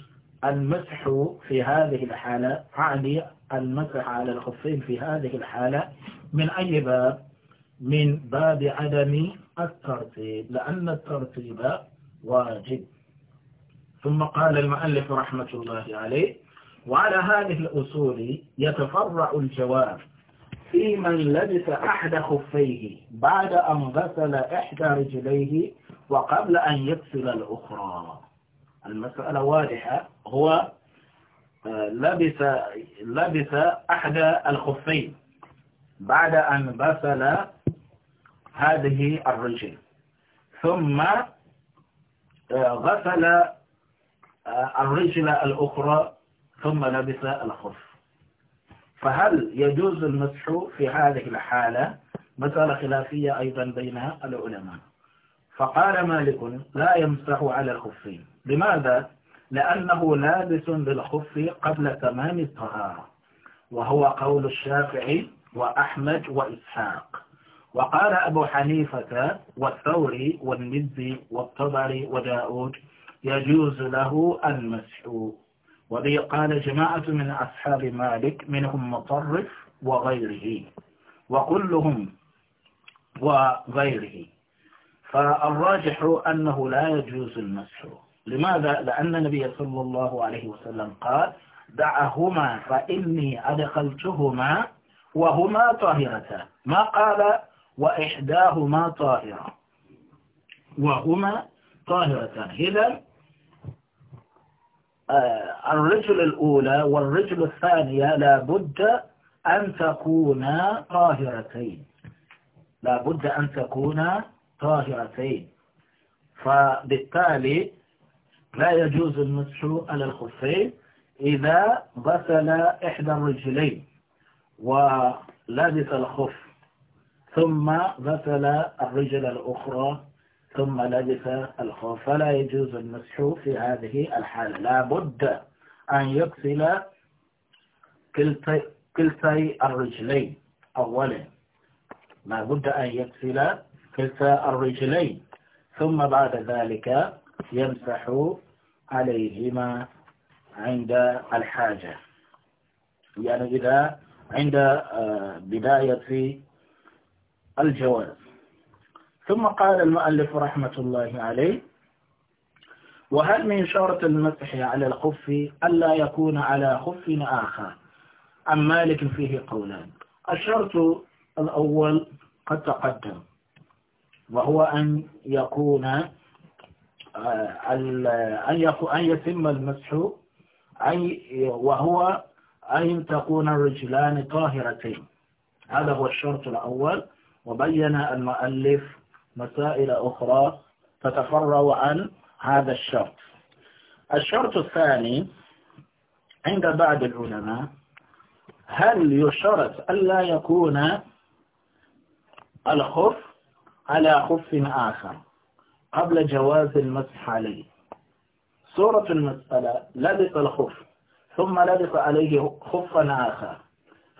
المسح في هذه الحالة عن المسح على الخفين في هذه الحالة من أي باب من باب عدم الترتيب لأن الترتيب واجب ثم قال المؤلف رحمة الله عليه وعلى هذه الأصول يتفرع الجواب في من لبس أحد خفيه بعد أن غسل إحدى رجليه وقبل أن يغسل الأخرى المسألة واضحة هو لبس لبس أحد الخفين بعد أن بسل هذه الرجل ثم آه، غسل آه، الرجل الأخرى ثم لبس الخف فهل يجوز المسح في هذه الحالة مسألة خلافية أيضا بين العلماء فقال مالك لا يمسح على الخفين لماذا؟ لأنه لابس بالخف قبل تمام الطهارة وهو قول الشافعي وأحمد وإسحاق وقال أبو حنيفة والثوري والمزي والطبري وداود يجوز له المسح وبه قال جماعة من أصحاب مالك منهم مطرف وغيره وكلهم وغيره فالراجح أنه لا يجوز المسحو لماذا؟ لأن النبي صلى الله عليه وسلم قال دعهما فإني أدخلتهما وهما طاهرتان ما قال وإحداهما طاهرة وهما طاهرتان إذا آه، الرجل الأولى والرجل الثانية لابد أن تكونا طاهرتين لابد أن تكونا طاهرتين فبالتالي لا يجوز المسح على الخفين إذا غسل إحدى الرجلين ولبس الخف ثم غسل الرجل الأخرى ثم لبس الخف فلا يجوز المسح في هذه الحالة لا بد أن يغسل كلتي, الرجلين أولا لا بد أن يغسل كلتا الرجلين ثم بعد ذلك يمسح عليهما عند الحاجة يعني إذا عند آه، بداية الجواز ثم قال المؤلف رحمة الله عليه وهل من شرط المسح على الخف ألا يكون على خف آخر أم مالك فيه قولان الشرط الأول قد تقدم وهو أن يكون آه، أن أن يتم المسح أي وهو أن تكون الرجلان طاهرتين هذا هو الشرط الأول وبين المؤلف مسائل أخرى تتفرع عن هذا الشرط الشرط الثاني عند بعض العلماء هل يشرط ألا يكون الخف على خف آخر قبل جواز المسح عليه صورة المسألة لبس الخف ثم لبس عليه خفا آخر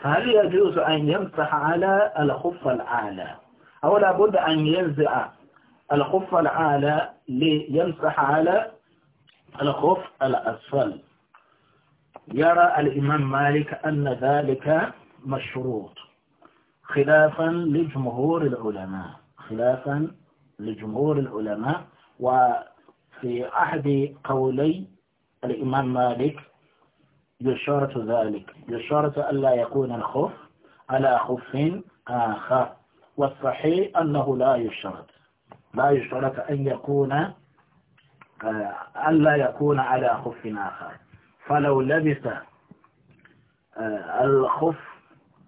فهل يجوز أن يمسح على الخف الأعلى أو لابد أن ينزع الخف الأعلى ليمسح على الخف الأسفل يرى الإمام مالك أن ذلك مشروط خلافا لجمهور العلماء خلافا لجمهور العلماء وفي أحد قولي الإمام مالك يشارة ذلك يشارة ألا يكون الخف على خف آخر والصحيح أنه لا يشترط لا يشترط أن يكون ألا آه، يكون على خف آخر فلو لبس آه، الخف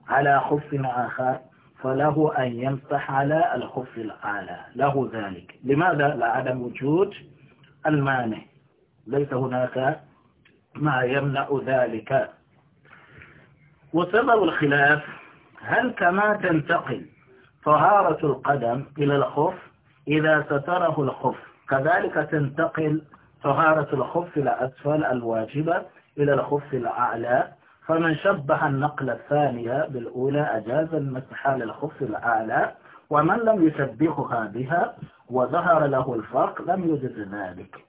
على خف آخر فله أن يمسح على الخف الأعلى له ذلك لماذا لعدم وجود المانع ليس هناك ما يمنع ذلك وسبب الخلاف هل كما تنتقل طهارة القدم إلى الخف إذا ستره الخف كذلك تنتقل طهارة الخف الأسفل الواجبة إلى الخف الأعلى فمن شبه النقلة الثانية بالأولى أجاز المسح للخف الأعلى ومن لم يشبهها بها وظهر له الفرق لم يجد ذلك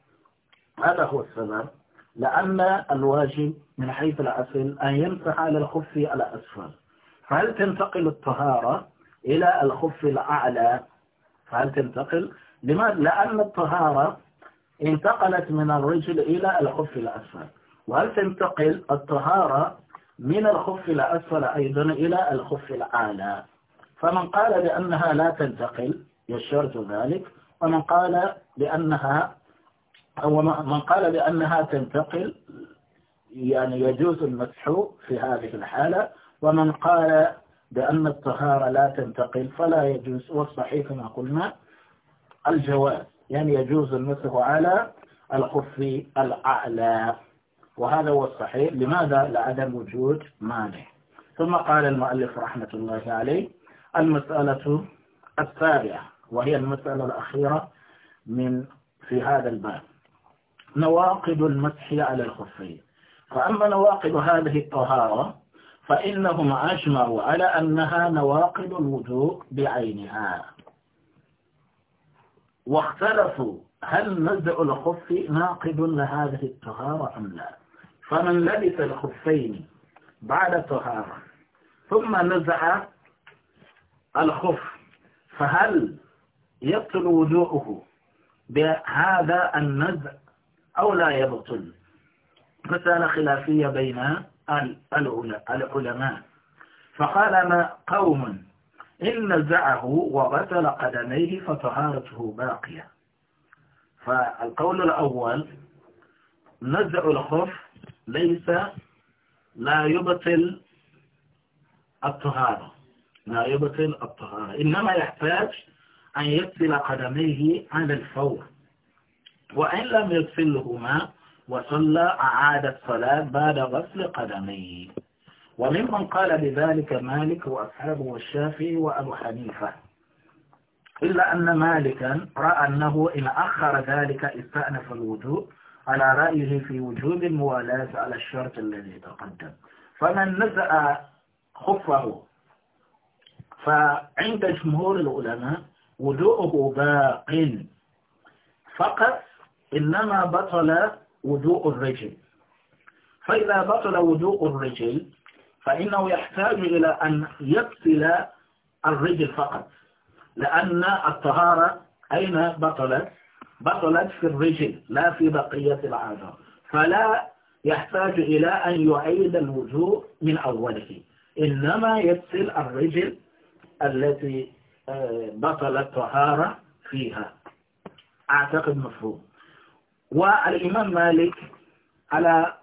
هذا هو السبب لأن الواجب من حيث الأصل أن يمسح على الخف الأسفل فهل تنتقل الطهارة إلى الخف الأعلى فهل تنتقل لماذا؟ لأن الطهارة انتقلت من الرجل إلى الخف الأسفل وهل تنتقل الطهارة من الخف الأسفل أيضا إلى الخف الأعلى فمن قال بأنها لا تنتقل يشرت ذلك ومن قال بأنها أو من قال بأنها تنتقل يعني يجوز المسح في هذه الحالة ومن قال بأن الطهارة لا تنتقل فلا يجوز والصحيح ما قلنا الجواز يعني يجوز المسح على الخف الأعلى وهذا هو الصحيح لماذا لعدم وجود مانع ثم قال المؤلف رحمة الله عليه المسألة السابعة وهي المسألة الأخيرة من في هذا الباب نواقض المسح على الخفين فأما نواقض هذه الطهارة فإنهم أجمعوا على أنها نواقض الوضوء بعينها واختلفوا هل نزع الخف ناقض لهذه الطهارة أم لا فمن لبس الخفين بعد طهارة ثم نزع الخف فهل يبطل وضوءه بهذا النزع أو لا يبطل مسألة خلافية بين العلماء فقال ما قوم إن نزعه وغسل قدميه فطهارته باقية فالقول الأول نزع الخف ليس لا يبطل الطهارة لا يبطل الطهارة إنما يحتاج أن يغسل قدميه على الفور وإن لم يغسلهما وصلى أعاد الصلاة بعد غسل قدميه وممن قال بذلك مالك وأصحابه والشافعي وأبو حنيفة إلا أن مالكا رأى أنه إن أخر ذلك استأنف الوجوب على رأيه في وجوب الموالاة على الشرط الذي تقدم فمن نزع خفه فعند جمهور العلماء وضوءه باق فقط إنما بطل وضوء الرجل فإذا بطل وضوء الرجل فإنه يحتاج إلى أن يبطل الرجل فقط لأن الطهارة أين بطلت بطلت في الرجل لا في بقية العادة فلا يحتاج إلى أن يعيد الوجوء من أوله إنما يبسل الرجل التي آه، بطلت طهارة فيها أعتقد مفهوم والإمام مالك على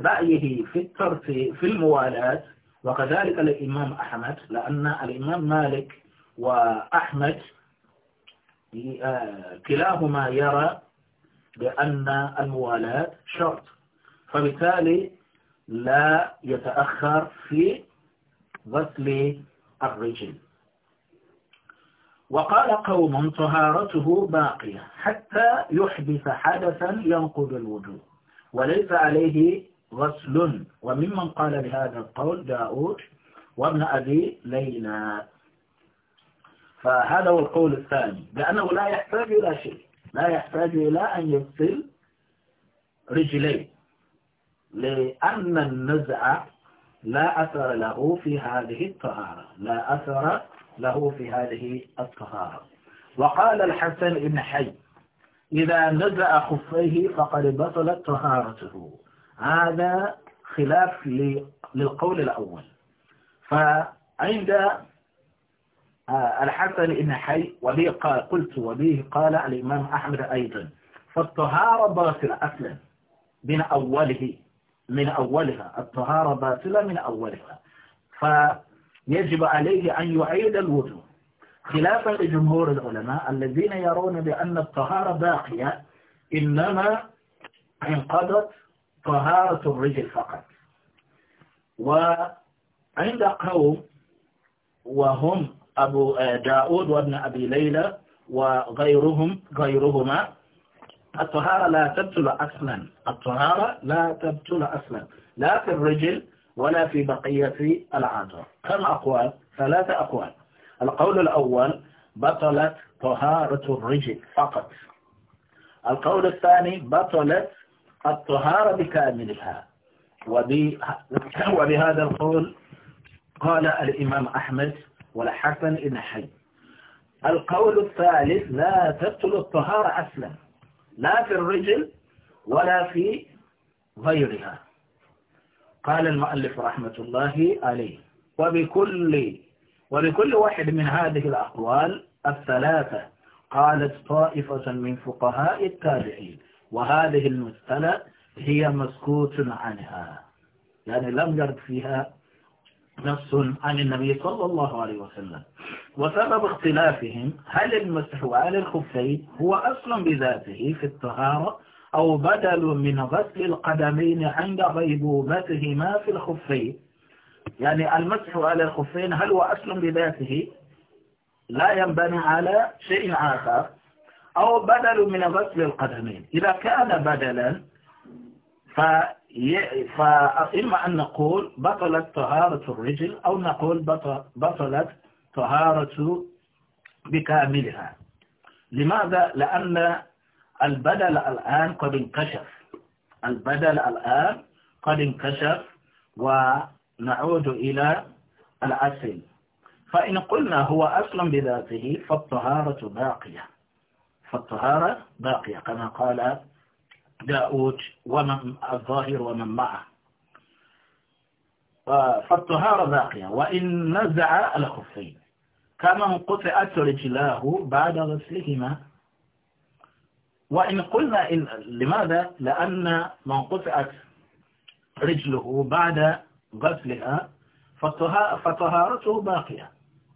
رأيه في الترتيب في الموالاة وكذلك الإمام أحمد لأن الإمام مالك وأحمد آه، كلاهما يرى بأن الموالاة شرط فبالتالي لا يتأخر في غسل الرجل وقال قوم طهارته باقية حتى يحدث حدثا ينقض الوجوه وليس عليه غسل وممن قال بهذا القول داود وابن أبي ليلى فهذا هو القول الثاني لأنه لا يحتاج إلى شيء لا يحتاج إلى أن يغسل رجليه لأن النزع لا أثر له في هذه الطهارة لا أثر له في هذه الطهارة وقال الحسن بن حي إذا نزع خفيه فقد بطلت طهارته هذا خلاف للقول الأول فعند آه، الحسن بن حي وبه قال قلت وبه قال الإمام أحمد أيضا فالطهارة باطلة أصلا من أوله من أولها الطهارة باطلة من أولها فيجب عليه أن يعيد الوضوء خلافا لجمهور العلماء الذين يرون بأن الطهارة باقية إنما انقضت طهارة الرجل فقط وعند قوم وهم أبو آه، داود وابن أبي ليلى وغيرهم غيرهما الطهارة لا تبتل أصلا الطهارة لا تبتل أصلا لا في الرجل ولا في بقية العادة كم أقوال؟ ثلاثة أقوال القول الأول بطلت طهارة الرجل فقط القول الثاني بطلت الطهارة بكاملها وبهذا القول قال الإمام أحمد ولا حسن حي القول الثالث لا تبطل الطهارة أصلا لا في الرجل ولا في غيرها قال المؤلف رحمة الله عليه وبكل وبكل واحد من هذه الأقوال الثلاثة قالت طائفة من فقهاء التابعين وهذه المسألة هي مسكوت عنها يعني لم يرد فيها نفس عن النبي صلى الله عليه وسلم وسبب اختلافهم هل المسح على الخفين هو أصلا بذاته في الطهارة أو بدل من غسل القدمين عند غيبوبتهما في الخفين يعني المسح على الخفين هل هو أصلا بذاته لا ينبني على شيء آخر أو بدل من غسل القدمين إذا كان بدلا ف فإما أن نقول بطلت طهارة الرجل أو نقول بطلت طهارة بكاملها لماذا؟ لأن البدل الآن قد انكشف البدل الآن قد انكشف ونعود إلى الأصل فإن قلنا هو أصلا بذاته فالطهارة باقية فالطهارة باقية كما قال داود ومن الظاهر ومن معه فالطهارة باقية وإن نزع الخفين كما انقطعت رجلاه بعد غسلهما وإن قلنا إن لماذا لأن من قطعت رجله بعد غسلها فطهارته باقية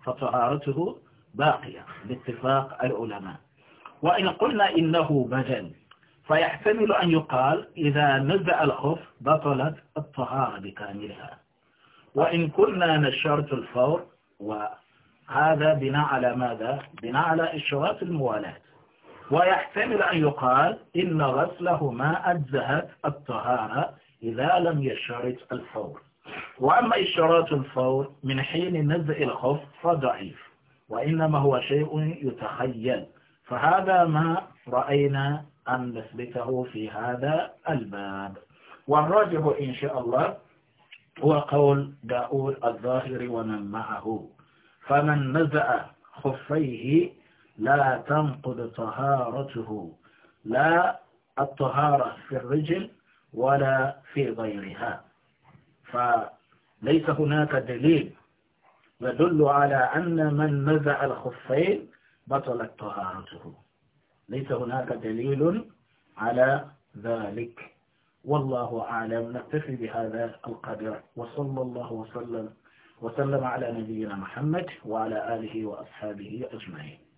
فطهارته باقية باتفاق العلماء وإن قلنا إنه بدل فيحتمل أن يقال إذا نزع الخف بطلت الطهارة بكاملها وإن كنا نشرت الفور وهذا بناء على ماذا؟ بناء على إشراف الموالاة ويحتمل أن يقال إن غسله ما أجزهت الطهارة إذا لم يشرط الفور وأما إشارات الفور من حين نزع الخف فضعيف وإنما هو شيء يتخيل فهذا ما رأينا أن نثبته في هذا الباب والراجح إن شاء الله هو قول داود الظاهر ومن معه فمن نزع خفيه لا تنقض طهارته لا الطهارة في الرجل ولا في غيرها فليس هناك دليل يدل على أن من نزع الخفين بطلت طهارته ليس هناك دليل على ذلك والله أعلم نكتفي بهذا القدر وصلى الله وسلم وسلم على نبينا محمد وعلى آله وأصحابه أجمعين